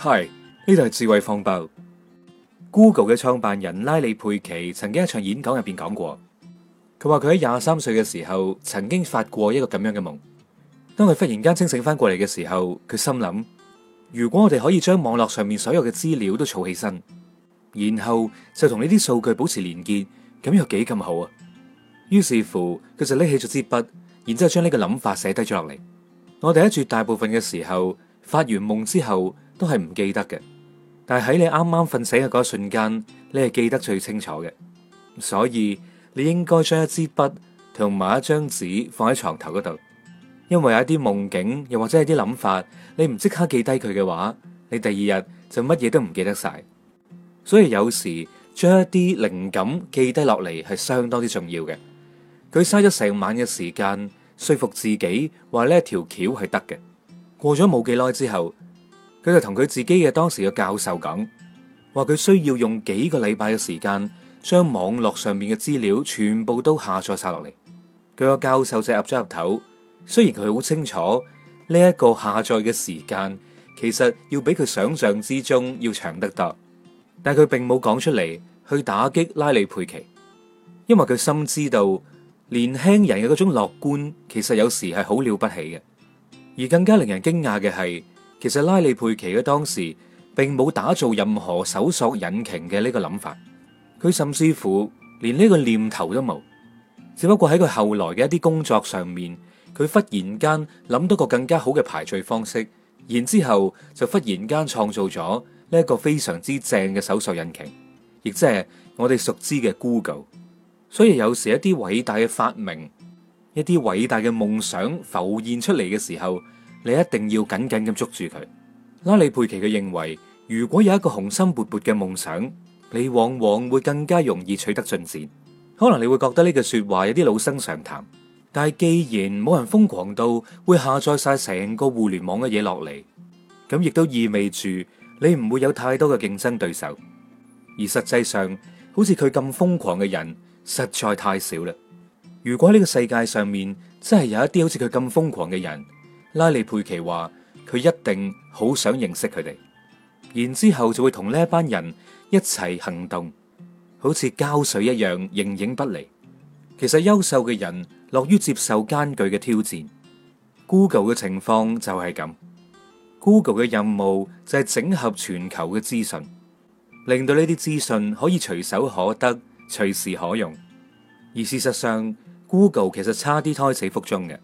係呢度係智慧方包。Google 嘅創辦人拉里佩奇曾經喺場演講入邊講過，佢話佢喺廿三歲嘅時候曾經發過一個咁樣嘅夢。當佢忽然間清醒翻過嚟嘅時候，佢心諗，如果我哋可以將網絡上面所有嘅資料都儲起身，然後就同呢啲數據保持連結，咁又幾咁好啊？於是乎，佢就拎起咗支筆，然之後將呢個諗法寫低咗落嚟。我哋喺絕大部分嘅時候發完夢之後。都係唔記得嘅，但係喺你啱啱瞓醒嘅嗰一瞬間，你係記得最清楚嘅，所以你應該將一支筆同埋一張紙放喺床頭嗰度，因為有一啲夢境又或者係啲諗法，你唔即刻記低佢嘅話，你第二日就乜嘢都唔記得晒，所以有時將一啲靈感記低落嚟係相當之重要嘅。佢嘥咗成晚嘅時間說服自己話呢一條橋係得嘅，過咗冇幾耐之後。佢就同佢自己嘅當時嘅教授講，話佢需要用幾個禮拜嘅時間將網絡上面嘅資料全部都下載晒落嚟。佢個教授就岌咗岌頭，雖然佢好清楚呢一個下載嘅時間其實要比佢想象之中要長得多，但佢並冇講出嚟去打擊拉里佩奇，因為佢深知道年輕人嘅嗰種樂觀其實有時係好了不起嘅，而更加令人驚訝嘅係。其實拉里·佩奇喺當時並冇打造任何搜索引擎嘅呢個諗法，佢甚至乎連呢個念頭都冇。只不過喺佢後來嘅一啲工作上面，佢忽然間諗到個更加好嘅排序方式，然之後就忽然間創造咗呢一個非常之正嘅搜索引擎，亦即係我哋熟知嘅 Google。所以有時一啲偉大嘅發明、一啲偉大嘅夢想浮現出嚟嘅時候，你一定要緊緊咁捉住佢。拉里佩奇佢認為，如果有一個雄心勃勃嘅夢想，你往往會更加容易取得進展。可能你會覺得呢句說話有啲老生常談，但係既然冇人瘋狂到會下載晒成個互聯網嘅嘢落嚟，咁亦都意味住你唔會有太多嘅競爭對手。而實際上，好似佢咁瘋狂嘅人，實在太少啦。如果呢個世界上面真係有一啲好似佢咁瘋狂嘅人，拉里佩奇話：佢一定好想認識佢哋，然之後就會同呢一班人一齊行動，好似膠水一樣形影不離。其實優秀嘅人樂於接受艱巨嘅挑戰，Google 嘅情況就係咁。Google 嘅任務就係整合全球嘅資訊，令到呢啲資訊可以隨手可得、隨時可用。而事實上，Google 其實差啲胎死腹中嘅。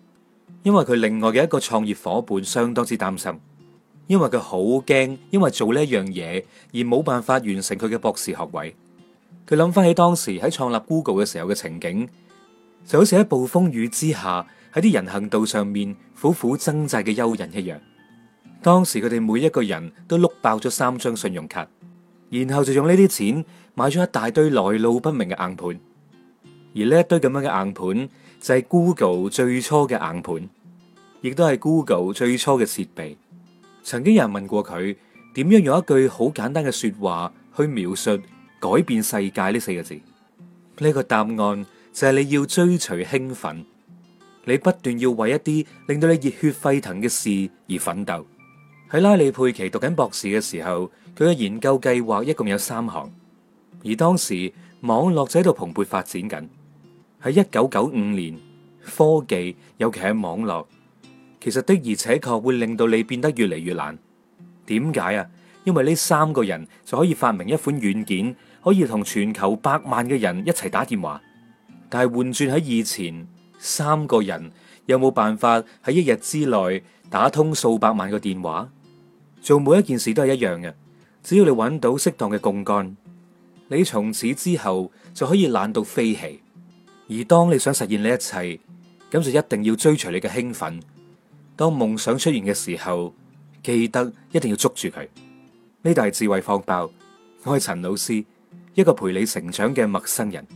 因為佢另外嘅一個創業夥伴相當之擔心，因為佢好驚，因為做呢一樣嘢而冇辦法完成佢嘅博士學位。佢諗翻起當時喺創立 Google 嘅時候嘅情景，就好似喺暴風雨之下，喺啲人行道上面苦苦掙扎嘅幽人一樣。當時佢哋每一個人都碌爆咗三張信用卡，然後就用呢啲錢買咗一大堆來路不明嘅硬盤，而呢一堆咁樣嘅硬盤就係 Google 最初嘅硬盤。就是亦都係 Google 最初嘅設備。曾經有人問過佢點樣用一句好簡單嘅說話去描述改變世界呢四個字。呢個答案就係你要追隨興奮，你不斷要為一啲令到你熱血沸騰嘅事而奮鬥。喺拉里佩奇讀緊博士嘅時候，佢嘅研究計劃一共有三項，而當時網絡就喺度蓬勃發展緊。喺一九九五年，科技尤其係網絡。其實的而且確會令到你變得越嚟越懶。點解啊？因為呢三個人就可以發明一款軟件，可以同全球百萬嘅人一齊打電話。但係換轉喺以前，三個人有冇辦法喺一日之內打通數百萬個電話？做每一件事都係一樣嘅，只要你揾到適當嘅槓桿，你從此之後就可以懶到飛起。而當你想實現呢一切，咁就一定要追隨你嘅興奮。當夢想出現嘅時候，記得一定要捉住佢。呢度係智慧方包，我係陳老師，一個陪你成長嘅陌生人。